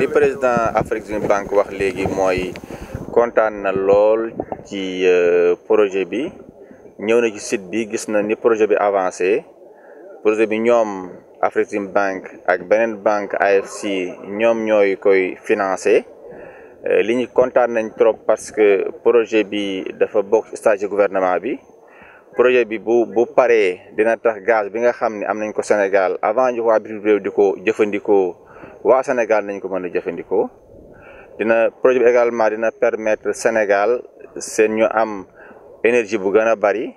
li président Afrique Bank wax légui moy contane na lol ci euh, projet bi ñëw na ci site bi gis na ni projet bi avancé projet bi ñom Afrique Bank ak beneen banque AFC ñoom ñooy koy financer euh, li ñu contane nañ trop parce que projet bi dafa bokk stage gouvernement bi projet bi bu bu paré dina tax gaz bi nga xamni am nañ ko Sénégal avant ñu wa bitim rew diko jëfëndiko wa Sénégal nañ ko mëna jëfëndiko dina projet également dina permettre Sénégal seen ñu am énergie bu gëna bari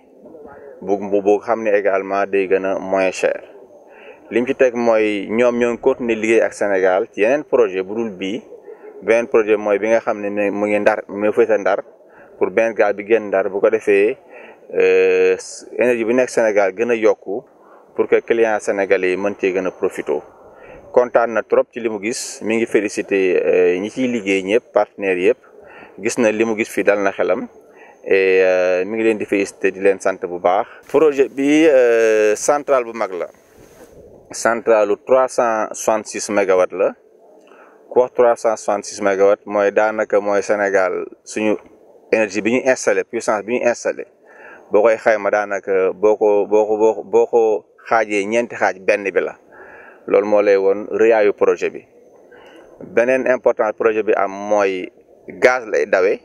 bu bu xamni egal également day gëna a moins cher lim ci tek moy ñom ñoo ngi continuer liggéey ak Sénégal ci yenen projet bu dul bi ben projet moy bi nga xamni ne mu ngi ndar mu féete ndar pour ben gaal bi gën ndar bu ko euh énergie bu nek Sénégal gëna a yokku pour que client sénégalais mën ci gëna profito kontaan na trop ci li mu gis mi ngi félicité eh, ñi ciy liggéey ñëpp partenaires yëpp gis na li mu gis fii dal na xelam e mi ngi leen di félicité di leen sant bu baax. projet bi eh, centrale bu mag la centrale lu trois cent soixante six la ku wax trois cent soixante six mégawatts mooy daanaka mooy Sénégal suñu énergie bi ñu installé puissance bi ñu installé boo koy xayma daanaka boo ko boo ko boo ko xaajee ñeenti xaaj benn bi la. loolu moo lay woon rëyaayu projet bi beneen important projet bi am mooy gaz lay dawee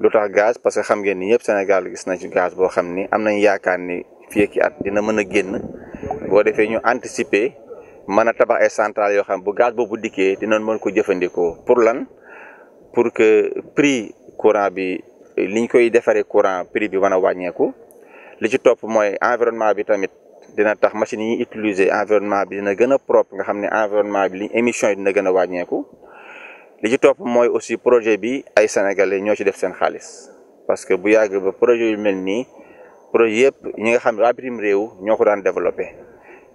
lu tax gaz parce que xam ngeen ni ñëpp Sénégal gis nañ ci gaz boo xam ni am nañ yaakaar ni fii ak at dina mën a génn boo defee ñu anticiper mën a tabax ay centrales yoo xam bu gaz boobu dikkee dinañ mën ko jëfandikoo pour lan pour que prix courant bi liñ koy defaree courant prix bi mën a wàññeeku li ci topp mooy environnement bi tamit. dina tax machine yi utiliser environnement bi dina gëna propre nga xamné environnement bi li émission yi dina gëna a li ci top moy aussi projet bi ay sénégalais ñoo ci def sen xaliss parce que bu yàgg ba projet yu melni projet yépp ñi nga xam ne réew ñoo ko daan développer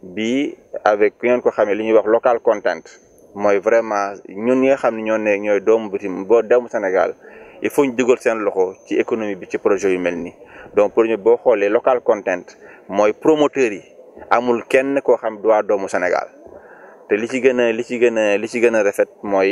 bi avec ku ko xamé li ñuy wax local content moy vraiment ñun ñi nga xam ñoo ne ñoy doomu bitim bo doomu Sénégal il faut ñu dugal sen loxo ci économie bi ci projet yu melni donc pour ñu bo xolé local content moy promoteur yi. amul kenn koo xam du waa doomu Sénégal te li ci gën a li ci gën a li ci gën a rafet mooy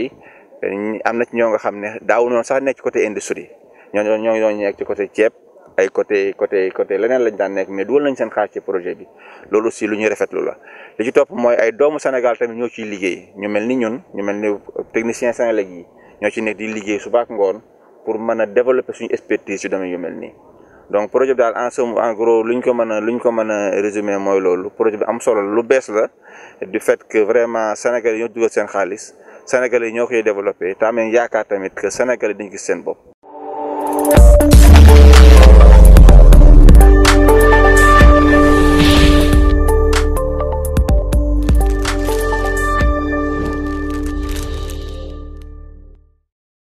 am na ci ñoo nga xam ne daaw noonu sax nekk ci côté industrie ñoo ñoo ñoo nekk ci côté ceeb ay côté côté côté leneen lañ daan nekk mais dugal nañ seen xaar ci projet bi loolu si lu ñuy rafetlu la li ci topp mooy ay doomu Sénégal tamit ñoo ciy liggéey ñu mel ni ñun ñu mel ni technicien sénégalais yi ñoo ci nekk di liggéey suba ak ngoon pour mën a développer suñu expertise yu yu mel nii donc projet bi daal en somme en lu ñu ko mën a lu ñu ko mën a résumé mooy loolu projet bi am solo lu bees la du fait que vraiment Sénégal yi ñoo dugal seen xaalis Sénégal yi ñoo koy développé te amee yaakaar tamit que Sénégal yi dañu gis seen bopp.